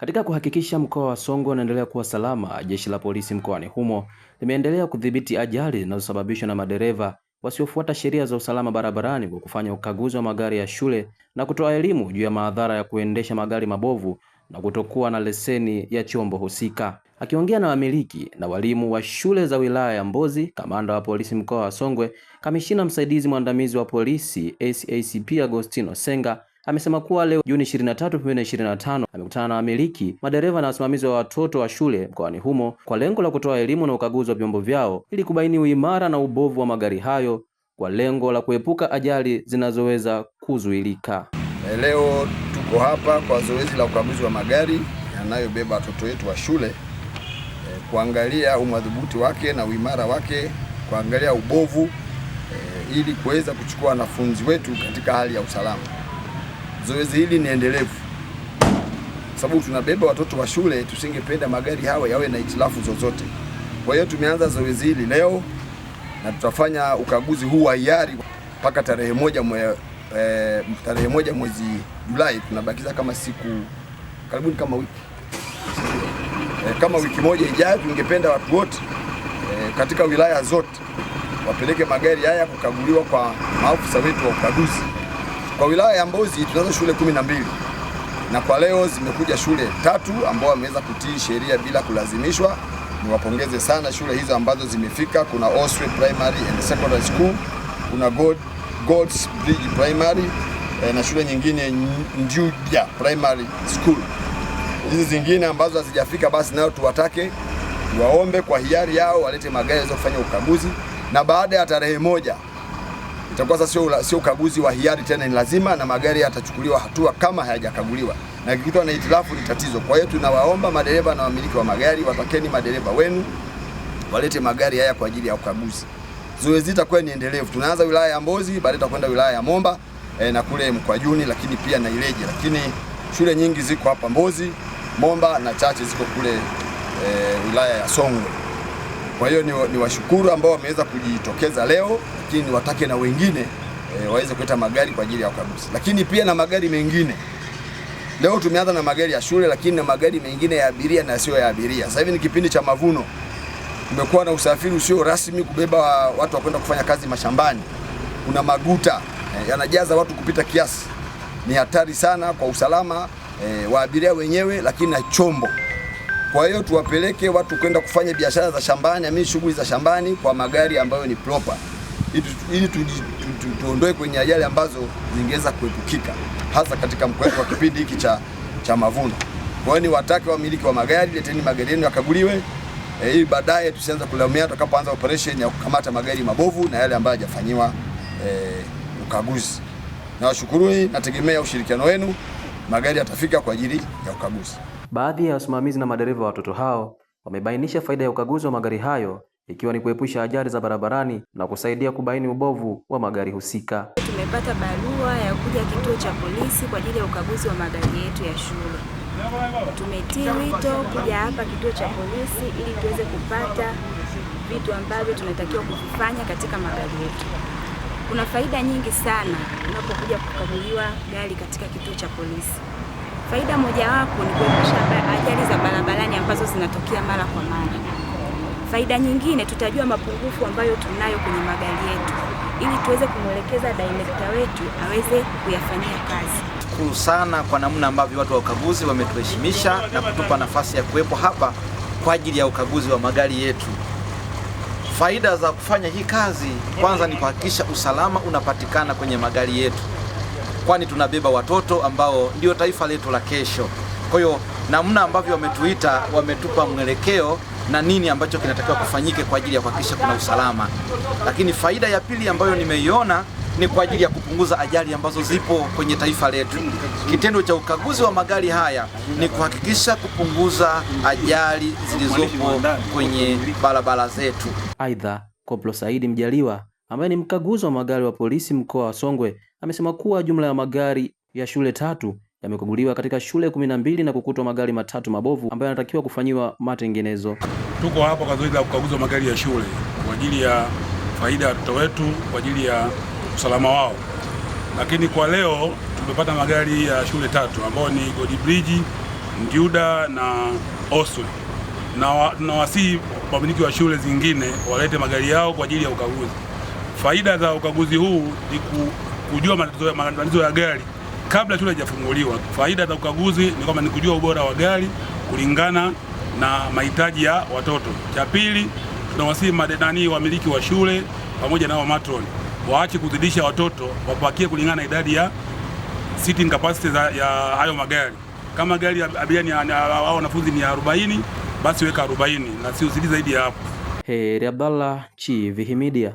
Katika kuhakikisha mkoa wa Songwe unaendelea kuwa salama, jeshi la polisi mkoani humo limeendelea kudhibiti ajali zinazosababishwa na madereva wasiofuata sheria za usalama barabarani kwa kufanya ukaguzi wa magari ya shule na kutoa elimu juu ya madhara ya kuendesha magari mabovu na kutokuwa na leseni ya chombo husika. Akiongea na wamiliki na walimu wa shule za wilaya ya Mbozi, kamanda wa polisi mkoa wa Songwe, kamishina msaidizi mwandamizi wa polisi ACACP Agostino Senga amesema kuwa leo Juni 23, 2025 amekutana na wamiliki, madereva na wasimamizi wa watoto wa shule mkoani humo kwa lengo la kutoa elimu na ukaguzi wa vyombo vyao ili kubaini uimara na ubovu wa magari hayo kwa lengo la kuepuka ajali zinazoweza kuzuilika. Eh, leo tuko hapa kwa zoezi la ukaguzi wa magari yanayobeba watoto wetu wa shule eh, kuangalia umadhubuti wake na uimara wake, kuangalia ubovu e, ili kuweza kuchukua wanafunzi wetu katika hali ya usalama zoezi hili ni endelevu, sababu tunabeba watoto wa shule. Tusingependa magari hawa yawe na itilafu zozote. Kwa hiyo tumeanza zoezi hili leo na tutafanya ukaguzi huu wa hiari mpaka tarehe moja mwe, e, tarehe moja mwezi Julai. Tunabakiza kama siku karibuni kama wiki e, kama wiki moja ijayo. Tungependa watu wote e, katika wilaya zote wapeleke magari haya kukaguliwa kwa maafisa wetu wa ukaguzi. Kwa wilaya ya Mbozi tunazo shule kumi na mbili na kwa leo zimekuja shule tatu ambao wameweza kutii sheria bila kulazimishwa. Niwapongeze sana shule hizo ambazo zimefika. Kuna Oswe Primary and Secondary School, kuna God, God's Bridge Primary eh, na shule nyingine Njudia Primary School. Hizi zingine ambazo hazijafika basi nayo tuwatake, waombe kwa hiari yao walete magari yaweze kufanya ukaguzi na baada ya tarehe moja itakuwa sasa sio ukaguzi wa hiari tena, ni lazima, na magari yatachukuliwa hatua kama hayajakaguliwa na kikutwa na itilafu ni tatizo. Kwa hiyo tunawaomba madereva na wamiliki wa magari, watakeni madereva wenu walete magari haya kwa ajili ya ukaguzi. Zoezi litakuwa ni endelevu, tunaanza wilaya ya Mbozi, baadaye tutakwenda wilaya ya Momba e, na kule Mkwajuni, lakini pia na Ileje, lakini shule nyingi ziko hapa Mbozi, Momba na chache ziko kule e, wilaya ya Songwe. Kwa hiyo ni, ni washukuru ambao wameweza kujitokeza leo, lakini watake na wengine e, waweze kuleta magari kwa ajili ya ukaguzi, lakini pia na magari mengine. Leo tumeanza na magari ya shule, lakini na magari mengine ya abiria na sio ya abiria. Sasa hivi ni kipindi cha mavuno, kumekuwa na usafiri usio rasmi kubeba watu kwenda kufanya kazi mashambani. Kuna maguta e, yanajaza watu kupita kiasi, ni hatari sana kwa usalama e, wa abiria wenyewe, lakini na chombo kwa hiyo tuwapeleke watu kwenda kufanya biashara za shambani, amini shughuli za shambani kwa magari ambayo ni proper, ili tuondoe kwenye ajali ambazo zingeweza kuepukika, hasa katika mkoa wa kipindi hiki cha, cha mavuno. Kwa hiyo ni watake wamiliki wa magari, leteni magari yenu yakaguliwe e, ili e, baadaye tusianze kulaumia tukapoanza operation ya kukamata magari mabovu na yale ambayo hajafanyiwa e, ukaguzi. Nawashukuruni, nategemea ushirikiano wenu, magari yatafika kwa ajili ya ukaguzi. Baadhi ya wasimamizi na madereva wa watoto hao wamebainisha faida ya ukaguzi wa magari hayo ikiwa ni kuepusha ajali za barabarani na kusaidia kubaini ubovu wa magari husika. Tumepata barua ya kuja kituo cha polisi kwa ajili ya ukaguzi wa magari yetu ya shule. Tumetii wito kuja hapa kituo cha polisi ili tuweze kupata vitu ambavyo tunatakiwa kuvifanya katika magari yetu. Kuna faida nyingi sana unapokuja kukaguliwa gari katika kituo cha polisi. Faida mojawapo ni kuepusha ajali za barabarani ambazo zinatokea mara kwa mara. Faida nyingine, tutajua mapungufu ambayo tunayo kwenye magari yetu ili tuweze kumwelekeza director wetu aweze kuyafanyia kazi. sana kwa namna ambavyo watu wa ukaguzi wametuheshimisha na kutupa nafasi ya kuwepo hapa kwa ajili ya ukaguzi wa magari yetu. Faida za kufanya hii kazi, kwanza ni kuhakikisha usalama unapatikana kwenye magari yetu kwani tunabeba watoto ambao ndio taifa letu la kesho. Kwa hiyo namna ambavyo wametuita, wametupa mwelekeo na nini ambacho kinatakiwa kufanyike kwa ajili ya kuhakikisha kuna usalama. Lakini faida ya pili ambayo nimeiona ni kwa ajili ya kupunguza ajali ambazo zipo kwenye taifa letu. Kitendo cha ukaguzi wa magari haya ni kuhakikisha kupunguza ajali zilizopo kwenye barabara zetu. Aidha, Koplo Saidi Mjaliwa ambaye ni mkaguzi wa magari wa polisi mkoa wa Songwe amesema kuwa jumla ya magari ya shule tatu yamekaguliwa katika shule kumi na mbili na kukutwa magari matatu mabovu ambayo yanatakiwa kufanyiwa matengenezo. Tuko hapa kwa zoezi la kukaguzwa magari ya shule kwa ajili ya faida ya watoto wetu, kwa ajili ya usalama wao, lakini kwa leo tumepata magari ya shule tatu ambayo ni Bridge, Njuda na Oswe, na tunawasihi wamiliki wa shule zingine walete magari yao kwa ajili ya ukaguzi. Faida za ukaguzi huu ni kujua matatizo ya gari kabla shule haijafunguliwa. Faida za ukaguzi ni kwamba ni kujua ubora wa gari kulingana na mahitaji ya watoto. Cha pili, tunawasihi madenani, wamiliki wa shule pamoja na matron waache kuzidisha watoto, wapakie kulingana na idadi ya sitting capacity za ya hayo magari. Kama gari abiria wao wanafunzi ni 40 basi weka 40 na si uzidi zaidi ya hapo. Heri Abdallah, Chivihi Media.